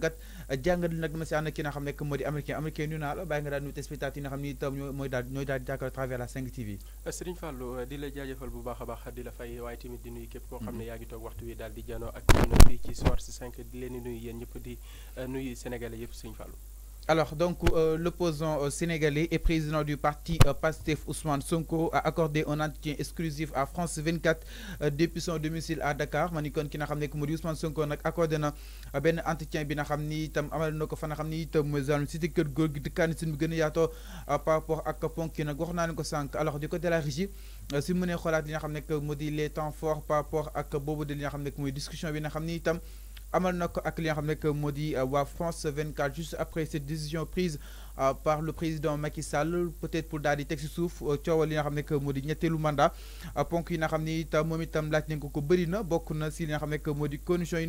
jàngat jàngat nag dina si ànd ki nga xam nekk moo di américain américain nuyu naa la bàyyi nga daal nuyu spectateur yi nga xam ni itam mooy daal ñooy daal di jàkkaarloo travers TV Serigne Fallou di la jaajëfal bu baax a baax di la fay waaye tamit di nuyu képp koo xam ne mhm. yaa ngi toog waxtu wi daal di janoo ak ñun fii ci soir si 5 di leen di nuyu yéen ñëpp di nuyu sénégalais yëpp Serigne Fallou Alors, donc, euh, l'opposant euh, sénégalais et président du parti euh, PASTEF Ousmane Sonko a accordé un entretien exclusif à France 24 euh, depuis son domicile à Dakar ma ni kon ki nga xam Ousmane Sonko nag accordé un ben entretien bi nga amal na ko fa nga xam ni itam mooy zone cité kër góor gi dëkkaani bi gën par rapport ak ponk yi n'a wax n'a leen ko alors du côté de la régie si mu mënee xoolaat li que xam ne les temps forts par rapport à boobu de li nga xam discussion bi nga xam amal na ak li nga euh, France 24 juste après cette décision prise euh, par le président Macky Sall peut-être pour daal di teg si suuf euh, li nga xam que modi ñettelu mandat ponk yi nga xamni tam ko ko na na si nga que modi condition yi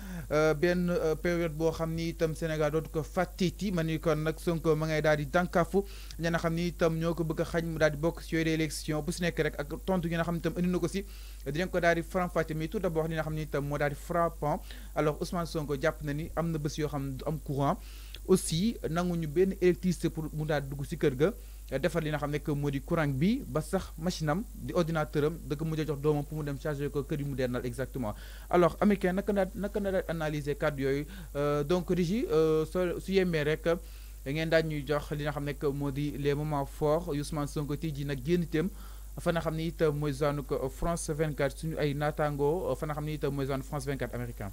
Euh, benn euh, période boo xam ni itam Sénégal dootu ko fàtteeti ma ni kon nag Sonko ma ngay daal di dànkaafu ñi xam ni itam ñoo ko bëgg xaj mu daal di bokk si yooyu de élection bu si nekk rek ak tontu yi xam ne itam indi na ko si dinañ ko daal di faram-fàcce mais tout d'abord li nga xam ni itam moo daal di frappant alors Ousmane Sonko jàpp na ni am na bés yoo xam ne du am courant aussi nanguñu benn électricité pour mu daal di dugg si kër ga. Ya, defar eh, eh, eh, li nga xam ne que moo courant bi ba sax machine am di ordinateur am da ko mujjee jox doomam pour mu dem chargé ko kër yi mu dellal exactement alors américain naka na naka na analyser cadre yooyu donc régi so su yemmee rek ngeen daal ñuy jox li nga xam ne que moo di les moments forts Ousmane Sonko tey jii nag génn fa nga xam ne it zone France 24 suñu ay naataangoo fa nga xam ne it zone France 24 américain.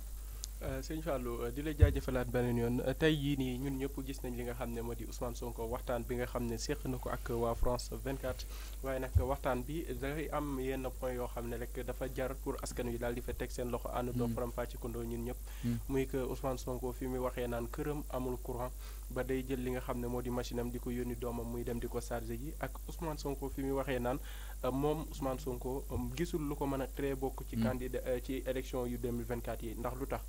Euh, sëñ Fallou euh, di la jaajëfalaat beneen yoon euh, tey jii nii ñun ñëpp gis nañ li nga xam ne moo di Ousmane Sonko waxtaan bi nga xam ne séq na ko ak waa France 24 waaye nag waxtaan bi dafay am yenn point yoo xam ne rek dafa jar pour askan wi daal di fa teg seen loxo ànd doo hmm. faram fàccikandoo ñun ñëpp hmm. muy que Ousmane Sonko fi muy waxee naan këram amul courant ba day jël li nga xam ne moo di machine am di ko yónni doomam muy dem di ko chargé ji ak Ousmane Sonko fi muy waxee naan euh, moom Ousmane Sonko euh, gisul lu ko mën a très bokk ci hmm. candidat euh, ci élection yu vingt 2024 yi ndax lu tax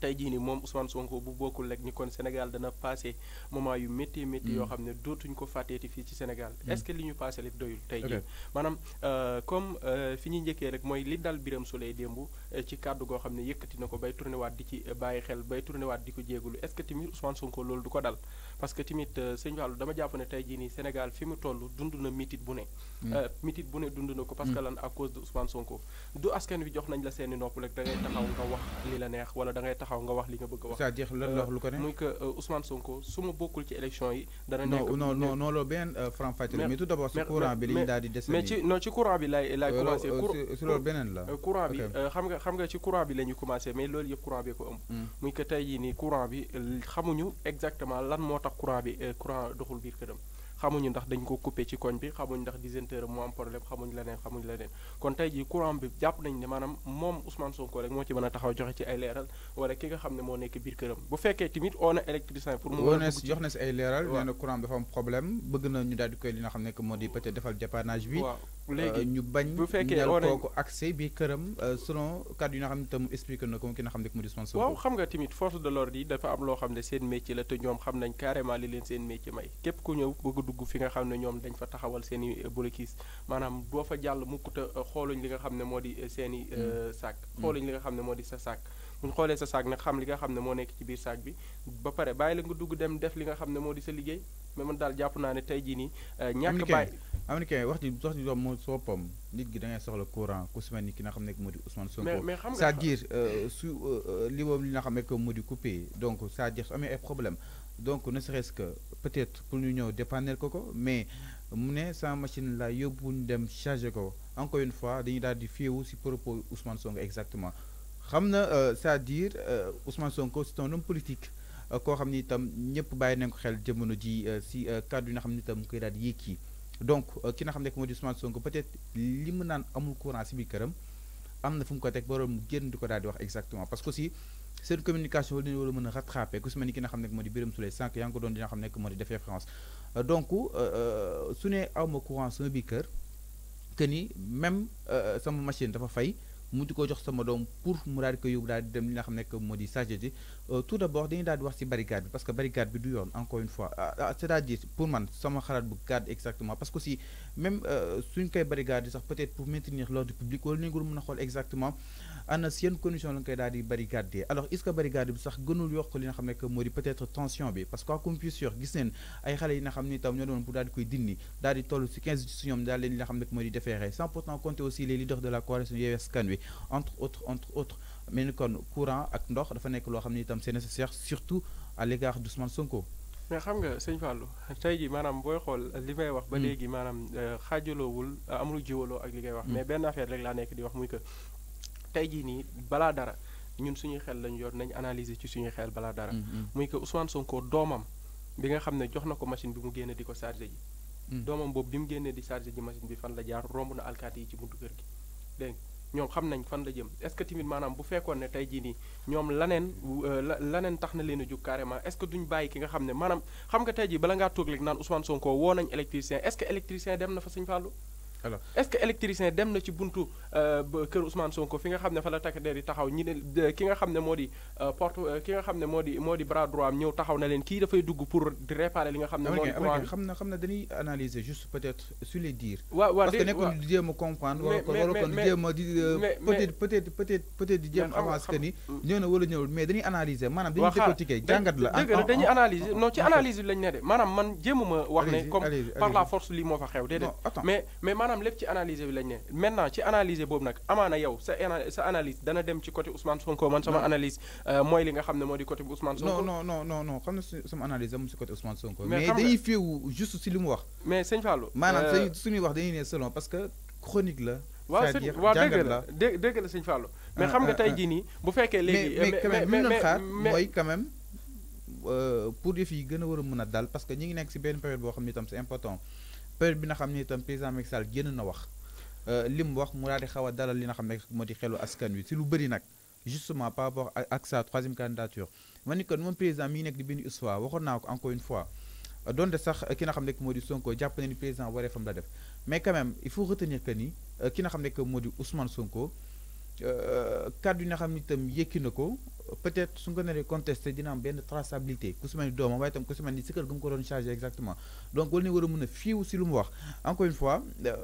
tey jii ni moom Ousmane Sonko bu bokkul rek ni kon Sénégal dana passé moment yu métti métti yoo mm. xam ne dootuñ ko fàtteeti fii ci Sénégal mm. est-ce que li ñu passé lépp doyul tey jii maanaam euh, comme euh, fi ñu njëkkee rek mooy li dal biram su Souleye démb euh, ci kàddu goo xam ne yëkkati na ko bay tourné waat di ci bàyyi xel bay tourné waat di ko jéegulu est-ce que Sonko loolu du ko dal parce que tamit euh, sëñ Fallou dama jàpp ne tey nii Sénégal fi mu toll dund na mitit bu ne. Mm. Euh, mitit bu ne dund na ko. parce que mm. lan à cause de Ousmane Sonko. du askan wi jox nañ la seeni nopp rek da ngay taxaw nga wax li la neex wala da taxaw nga wax li nga bëgg a wax. cest à euh, ko ne. daal di dese. mais ci non nga xam nga ci courant bi la commencé mais loolu yëpp courant bi ko ëmb. Mm. muy que jii nii courant bi xamuñu exactement lan moo tax tax courant bi euh, courant doxul biir këram xamuñu ndax dañ ko coupé ci koñ bi xamuñu ndax disjoncteur moo am problème xamuñu leneen xamuñu leneen kon tey jii courant bi jàpp nañ ne maanaam moom Ousmane Sonko rek moo ci mën a taxaw joxe ci ay leeral wala ki nga xam ne moo nekk biir këram bu fekkee tamit oo na électricien pour mu jox na si ay leeral nee na courant bi dafa am problème bëgg na ñu daal di koy li nga xam ne moo di peut-être defal dépannage bi Euh, léegi ñu bañ. bu fekkee on kooku accès bi këram euh, selon kàddu yi nga xam ne na ko ki nga xam ne mu di sponsor. waaw xam nga tamit force de l'ordre yi dafa am xam ne seen métier la te ñoom xam nañ carrément li leen seen métier may képp ku ñëw bëgg a dugg fi nga xam ne ñoom dañ fa taxawal seen i euh, bolokis maanaam doo fa jàll mukk te xooluñ li nga xam ne moo di seen i mm. sac. Mm. xooluñ li nga xam ne moo di sa sac. bu ñu xoolee sa saak nag xam li nga xam ne moo nekk ci biir saak bi ba pare bàyyi la nga dugg dem def li nga xam ne moo di sa liggéey mais man daal jàpp naa ne tey jii nii ñàkk bàyyi américain wax di wax di doom moo soo nit gi da ngay soxla courant ku semaine ni ki nga xamne ko modi Ousmane Sonko ça à dire su euh, euh, li boobu li nga xamne ko modi coupé donc ça à dire su ay problème donc ne serait-ce que peut-être pour ñu ñëw dépanner ko ko mais mu ne sa machine la yobbu ñu dem chargé ko encore une fois dañuy dal di féewu ci propos Ousmane Sonko exactement xamna ça euh, c'est-à-dire Ousmane Sonko c'est un homme politique ko xamni tam itam ñëpp bàyyi nañ ko xel jamono ji si cadre yi nga xam ni itam mu koy daal di donc euh, ki nga xam ne moo di Ousmane Sonko peut-être li mu amul courant si biir amna fum ko tek borom génn diko dal di wax exactement parce que si cette communication wala wala mën rattraper rattrapé ku ki nga xam ne moo di Birame Souleye sànq ko doon di nga xam ne moo di defee France euh, donc euh, euh suné awma courant sama biir que ni même euh, sama machine dafa fay muti ko jox sama doom pour mu daal di ko yóbbu daal di dem li nga xam nekk moo di euh, tout d'abord abord dañuy daal di wax ci barricade bi parce que barricade bi du yoon encore une fois ah, ah, c'est à dire pour man sama xalaat bu garde exactement parce que si même euh, suñ koy barricade sax peut être pour maintenir l'ordre public wala nañ ko mën exactement ana si yan condition la nga koy daal di alors est ce que barricade bi sax gënul yokk li nga xam ne moo peut être tension bi parce que comme qu'on sûr, dire gis neen ay xale yi nga xam ne tam ñoo doon pour daal di koy dindi daal di toll si 15 si ñoom daal li nga xam ne moo di sans pourtant compter aussi les leaders de la coalition Yewwi Askan entre autres entre autres mel ni kon courant ak ndox dafa nekk loo xam ne itam c'est nécessaire surtout à l'égard d'Ousmane Sonko mais xam nga seigne fallu tay ji manam boy xol li may wax ba hmm. léegi maanaam euh, xaajaloowul amul jiwaloo ak li ngay wax hmm. mais ben affaire rek la nek di wax muy que tey jii nii balaa dara ñun suñuy xel lañ yor nañ analyser ci suñuy xel balaa dara. Mm-hmm. muy que Ousmane Sonko doomam bi nga xam ne jox na ko machine bi mu génne di ko chargé ji. Mm. doomam boobu bi mu génnee di chargé ji machine bi fan la jaar romb na alkaati yi ci buntu kër gi ñoom xam nañ fan la jëm est-ce maanaam bu fekkoon ne tey jii nii ñoom laneen euh, laneen tax na leen a jóg carrément est-ce que duñ bàyyi ki nga xam ne maanaam xam nga tey jii bala ngaa toog rek naan Ousmane nañ électricien est-ce que électricien fa Sëñ Fallou alors est-ce que électricien dem na ci buntu euh, kër Ousmane Sonko fi nga xam ne fa la takk yi taxaw ñi ne ki nga xam ne moo di euh, porte euh, ki nga xam ne moo di moo di bras droit am ñëw taxaw na leen kii dafay dugg pour di réparer li nga xam ne. moo di courant xam na xam na dañuy analyser juste peut-être sur les dire waaw waaw parce que nekkul di jéem a comprendre. mais mais ko di jéem a di peut-être peut-être peut-être peut-être di jéem avance que ni. ñëw na wala ñëwul mais dañuy analyser maanaam dañuy décortiquer jàngat la. dëgg la dañuy analyser non ci analyse lañ ne de maanaam man jéemuma wax ne comme par la force lii moo fa xew déedéet mais mais maanaam lépp ci analyse bi lañ ne maintenant ci analyse boobu nag amaana yow sa analyse dana dem ci côté Ousmane Sonko man sama analyse euh, mooy li nga xam ne moo di côté bu Ousmane Sonko. mais dañuy féewu juste si li mu wax. mais sëñ Fallou. maanaam euh, suñuy wax dañuy ne selon parce que chronique la. waaw sëñ waaw mais ah, xam nga ah, tey ah. jii nii bu fekkee léegi. mais mais mais mooy quand euh, pour yëf yi gën a war a mën a dal parce que ñi ngi nekk si benn période boo xam période bi nga xam ne itam président Macky Sall génn na wax euh, li mu wax mu daal di xaw a dalal li nga xam ne moo di xelu askan wi si lu bëri nag justement par rapport ak sa troisième candidature ma ni kon moom président mi ngi nekk di bind histoire waxoon naa ko encore une fois donte sax ki nga xam ne moo di Sonko jàpp ne ni président waree fam la def mais quand même il faut retenir que ni euh, ki nga xam ne moo di Ousmane Sonko euh, kàddu yi nga xam ne itam yëkki na ko peut-être son nga ko naree contesté dina am traçabilité ku si mel ni doomam waaye itam ku si mel ni si kër ko don charger exactement donc wala ñu war a mën a si lu wax encore une fois euh,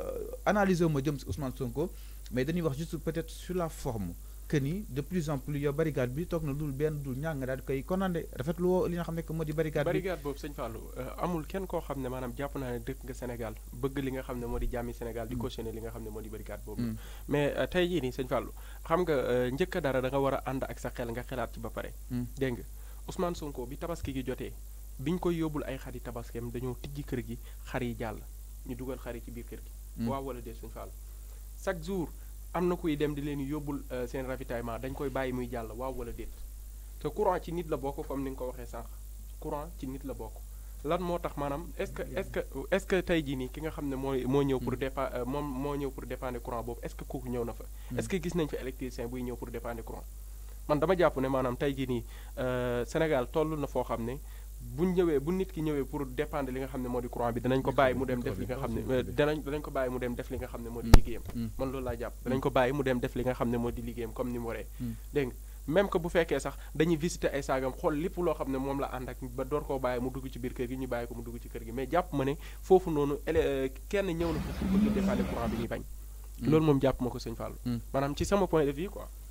analyser ma jëm si Ousmane Sonko mais dañuy wax juste peut-être sur la forme. que ni de plus en plus yow barricade bi toog na dul benn dul ñaar nga daal di koy condamné rafetlu woo li nga xam ne que moo di barricade bi boobu sëñ Fallou euh, amul kenn koo xam ne maanaam jàpp naa ne dëkk nga Sénégal bëgg li nga xam ne moo di jàmmi Sénégal di mm. cautionné li nga xam ne moo di barricade boobu mm. mais euh, tey jii nii sëñ Fallou xam nga euh, njëkk dara da nga war a ànd ak sa xel nga xelaat ci ba pare mm. dégg nga Ousmane Sonko bi tabaski gi jotee biñ koy yóbbul ay xar yi tabaskeem dañoo tijji kër gi xar yi jàll ñu dugal xar yi ci biir kër gi waaw wala dee sëñ Fallou chaque jour am na kuy dem di leen yóbbul euh, seen ravitaillement dañ koy bàyyi muy jàll waaw wala déet te courant ci nit la bokk comme ni nga ko waxee sànq courant ci nit la bokk lan moo tax maanaam est-ce que est-ce que est tey jii nii ki nga xam ne moo moo ñëw pour mm. dépa euh, moo ñëw pour dépendre courant boobu est-ce que kooku ñëw na fa mm. est gis nañ fa électricien buy ñëw pour dépendre courant man dama jàpp ne maanaam tey jii nii euh, Sénégal toll na foo xam ne bu ñëwee bu nit ki ñëwee pour dépendre li nga xam ne moo di courant bi danañ euh, ko bàyyi mu dem def li nga xam ne danañ danañ mu dem def li nga xam ne moo di mm. liggéeyam mm. man loolu laa jàpp mm. danañ ko bàyyi mu dem def li nga xam ne moo di liggéeyam comme ni mu waree dégg nga même que bu fekkee sax dañuy visiter ay saagam xool lépp loo xam ne moom la ànd ak ba door koo bàyyi mu dugg ci biir kër gi ñu bàyyi ko mu dugg ci kër gi mais jàpp ma ne foofu noonu ele euh, kenn ñëw na foofu bëgg bañ loolu moom jàpp ma ko sëñ Fallou maanaam ci sama point de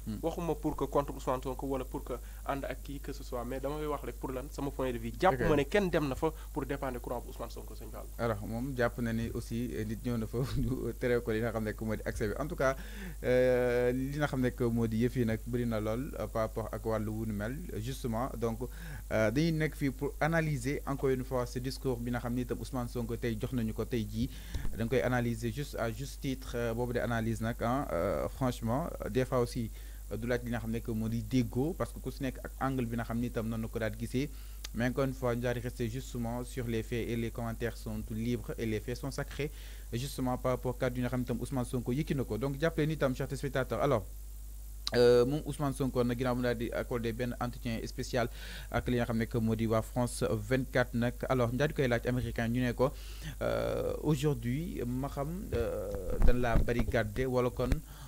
Hmm. waxuma pour que contre Ousmane Sonko wala pour que and ak ki que ce soit mais dama koy wax rek pour lan sama point de vue. jàpp ma ne kenn dem na fa pour dépendre courant bu Ousmane Sonko sëñ Fall. alors mon japp na ni aussi eh, nit ñëw na fa ñu tere ko li nga xam accès en tout cas euh, li nga xam ne moo di yëf yi na lol euh, par rapport ak walu wu nu mel justement donc euh, dañuy nek fi pour analyser encore une fois ce discours bi nga xam ni Ousmane Sonko tay jox nañu ko tay ji dañ koy analyser juste à juste titre bobu de analyse nag ah franchement des fois aussi de laaj li nga que moo di parce que ku si nekk ak angle bi nga xam tombe itam noonu ko daal mais encore une fois allons rester justement sur les faits et les commentaires sont libres et les faits sont sacrés justement par rapport à d'une nga xam Ousmane Sonko yëkki na ko donc jàppale ni itam chers téléspectateurs alors. Euh, mon Ousmane Sonko nag ginnaaw daal di accordé benn entretien spécial ak li nga xam que moo di France 24 alors nous avons koy laaj américain ñu ne euh, aujourd'hui ma xam euh, dan la barricade wala kon.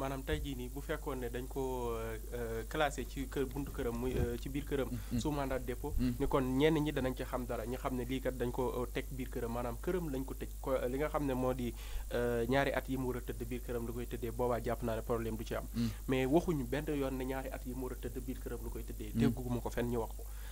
maanaam tey jii nii bu fekkoon ne dañ ko euh, euh, classé ci kër buntu këram muy euh, ci biir këram mm-hmm. su mandat de dépôt mm-hmm. ni kon ñenn ñi danañ ci xam dara ñi xam ne lii kat dañ ko teg biir këram maanaam këram lañ ko tëj ko li nga xam ne moo di ñaari at yi mu war tëdd biir këram lu koy tëddee boobaa jàpp naa ne problème du ci am mm. mais waxuñu benn yoon ne ñaari at yi mu war tëdd biir këram lu koy tëddee mm. dégguma ko fen ñu wax ko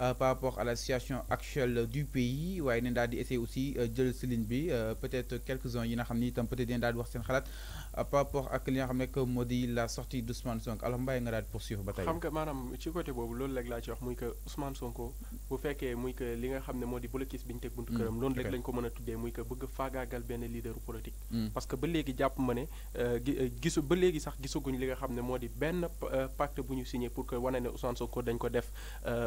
Euh, par rapport à la situation actuelle du pays waaye nañ daal di essayer aussi de euh, si euh, peut-être quelques-uns yi nga xam ni itam peut-être dañ wax seen xalaat par rapport à li mais que modi la sortie d'Ousmane Sonko alors Mbaye nga daal pour suivre bataille xam nga manam ci côté bobu loolu rek la ci wax muy que Ousmane Sonko bu fekkee muy que li nga xam modi moo di blocus bi ñu buntu mm, kërëm loolu rek lañ ko mëna tuddé muy que bëgg fagaagal ben leader politique mm. parce que ba légui japp ma ne euh, euh, gisu ba légui sax gisaguñ li nga xam modi ben euh, pacte bu ñu signé pour que wane né Ousmane Sonko dañ ko def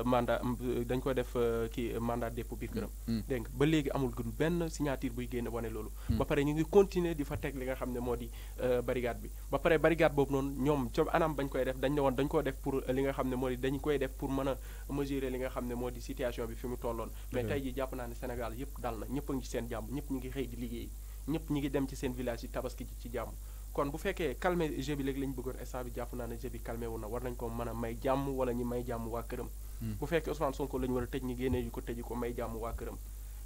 mandat dañ ko def qui mandat dépôt biir kërëm mm, dégg ba légui amul gën ben signature buy génn wane loolu ba paré ñu ngi continuer di fa tek li nga xam modi Euh, barricade bi ba pare barricade boobu noonu ñoom ca anam bañ koy def dañ ne woon dañ ko def pour euh, li nga xam ne moo di dañ koy def pour mën a mesurer li nga xam ne moo di situation bi fi mu tolloon mais tey ji jàpp naa ne Sénégal yëpp dal na ñëpp a ngi ci seen jàmm ñëpp ñu ngi xëy di liggéey ñëpp ñi ngi dem ci seen village yi tabaski ci jàmm kon bu fekkee calmer jeu bi léegi bëggoon instant bi jàpp naa ne jeu bi calmé wu na war nañ ko mën a may jàmm wala ñu may jàmm waa këram hmm. bu fekkee Ousmane Sonko la ñu war a tëj ñi génnee yu ko ko may jàmm waa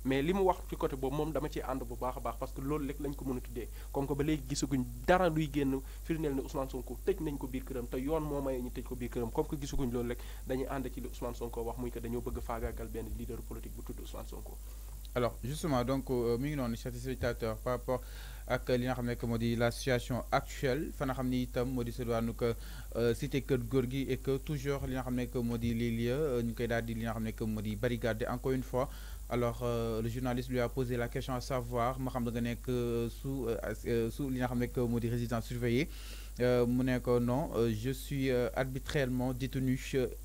mais li mu wax ci côté boobu moom dama ci ànd bu baax a baax parce que loolu lek lañ ko mën a tuddee comme que ba léegi gisaguñ dara luy génn firndeel ne Ousmane Sonko tëj nañ ko biir këram te yoon moo maye ñu tëj ko biir këram comme que gisaguñ loolu lek dañuy ànd ci li Ousmane Sonko wax muy que dañoo bëgg faagaagal benn leader politique bu tudd Ousmane Sonko. alors justement donc euh, mi ngi noonu chers par rapport ak li nga xam ne que moo di la situation actuelle fa nga xam ni itam moo di seetluwaanu que euh, cité kër góor gi et que toujours li nga xam ne que moo di les lieux euh, ñu koy daal di li nga xam ne que moo di barricade encore une fois alors euh, le journaliste lui a posé la question à savoir ma xam que nga euh, sous euh, sous li nga xam nekk moo di résidence surveillée mu ko non je suis arbitrairement détenu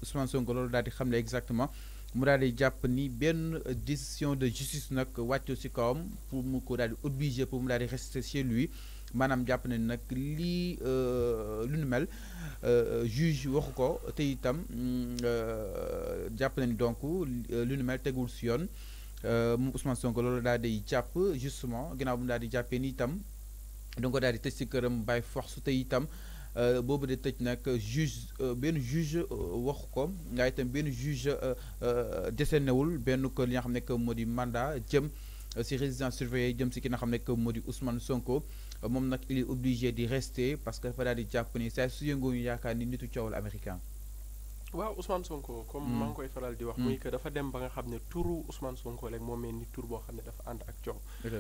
Ousmane son loolu di xam exactement mu daal di jàpp ni benn décision de justice nak wàccu ci comme pour mu ko obligé pour mu daal rester chez lui manam jàpp ne nak li euh lune mel juge wax ko te itam mm, jàpp ne donc lune mel tegul sion yoon euh, Ousmane Sonko loolu da di jàpp justement ginnaaw bu mu di jàppee ni itam da di tecc si këram bàyyi force te itam euh, bobu de tecc nak juge ben juge euh, wax ko nga tam ben juge euh, desenewul ben ko li nga xam ko modi mandat jëm si résidence surveiller jëm si ki nga xam ko modi Ousmane Sonko mom nak il est obligé di rester parce que fa da di jàpp ni saa su yëngoo ñu yaaka ni nitu ciowul américain. waaw Ousmane Sonko. comme hmm. ma ngi koy faral di wax. Hmm. muy que dafa dem ba nga xam ne turu Ousmane Sonko rek moo mel ni tur boo xam ne dafa ànd ak coow.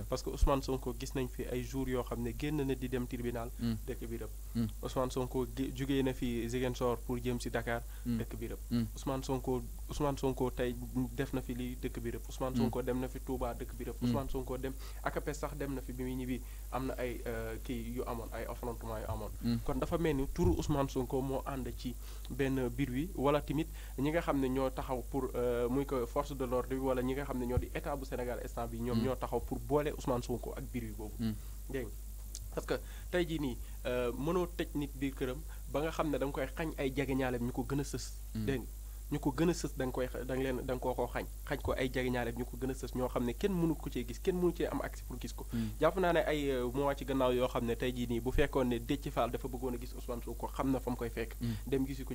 parce que Ousmane Sonko gis nañ fi ay jours yoo xam ne génn na di dem tribunal. Hmm. dëkk bi rëbb. Ousmane Sonko jugee na fi Ziguinchor pour jëm si Dakar. dëkk bi rëbb. Ousmane Sonko Ousmane Sonko tey def na fi lii dëkk bi rëbb. Ousmane Sonko dem na fi Touba dëkk bi rëbb. Ousmane Sonko dem Akapes sax dem na fi bi muy ñibbi am na ay euh, kii yu amoon ay affrontement yu amoon. kon dafa mel ni turu Ousmane Sonko moo ànd ci benn biir wi wala tamit ñi nga xam ne ñoo taxaw pour euh, muy ko force de l'ordre bi wala ñi nga xam ne ñoo di état bu Sénégal instant bi ñoom mm. ñoo taxaw pour boole Ousmane Sonko ak biir yi boobu. Mm. dégg parce que tey jii nii euh, mënoo tëj nit biir këram ba nga xam ne da koy xañ ay jegeñaaleem ñu ko gën a sës. Mm. dégg ñu ko gën a sës da koy da leen da nga koo koo xañ xañ ko ay jariñaale ñu ko gën a xam ne kenn mënu ko cee gis kenn mënu cee am accès pour gis ko hmm. jàpp naa ne euh, yoo xam ne tey jii nii bu fekkoon ne Déthié Fall dafa bëggoon a gis Ousmane Sonko xam koy fekk hmm. dem gisi ko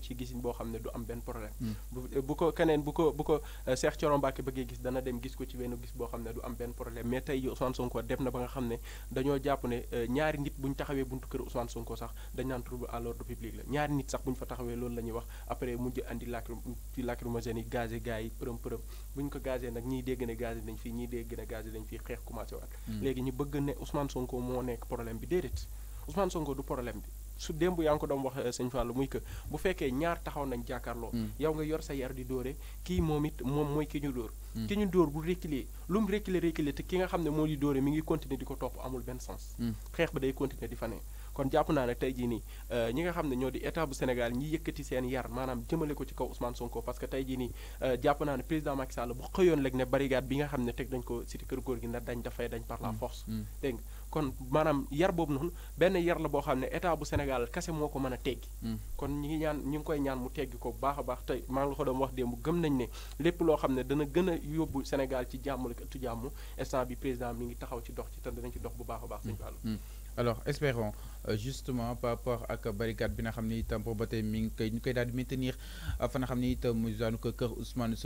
xam ne du am benn problème hmm. euh, keneen bu ko bu ko euh, Cheikh Thioro Mbacké bëggee gis dana dem gis ko ci benn gis boo xam ne du am benn problème mais tey jii Ousmane Sonko dem na ba nga ne dañoo jàpp ne ñaari nit bu taxawee buntu kër Ousmane Sonko sax dañ naan trouble à l'ordre public la ñaari nit sax bu fa taxawee loolu la wax après mujj andi laak ci lacrymogène yi gazé gars yi përëm përëm bu ñu ko gazé nag ñii dégg ne gazé nañ fii ñiy dégg ne gazé nañ fii xeex commencé waat hmm. léegi ñu bëgg ne Ousmane Sonko moo nekk problème bi déedéet Ousmane Sonko du problème bi su démb yaa ngi ko doon wax euh, sëñ Fallou muy que bu fekkee ñaar taxaw nañ jàkkaarloo. Hmm. yow nga yor sa yar di dóore kii moom it moom mooy ki ñu dóor. Hmm. ki ñu dóor bu reculer lu mu reculer reculer te ki nga xam ne moo di dóore mi ngi continuer di ko topp amul benn sens. xeex ba day continuer di fa kon jàpp naa ne tey jii nii euh, ñi nga xam ne ñoo di état bu Sénégal ñi yëkkati seen yar maanaam jëmale ko ci kaw Ousmane Sonko parce que tey ji nii euh, jàpp naa ne président Macky Sall bu xëyoon léegi ne barricade bi nga xam ne teg dañ ko cité kër góor gi ndax dañ dafay mm, mm. kon maanaam yar boobu noonu benn yar la boo xam ne état bu Sénégal kese moo ko mën a teggi. Mm. kon ñi ngi ñaan ñi ngi koy ñaan mu teggi ko bu baax a baax tey maa ngi ko doon wax démb gëm nañ ne lépp loo xam ne dana gën a yóbbu Sénégal ci jàmm la ëttu jàmm instant bi président mi ngi taxaw ci dox ci te danañ ci dox bu baax a baax. sëñ Fallou alors espérons euh, justement par rapport à barricade maintenir euh,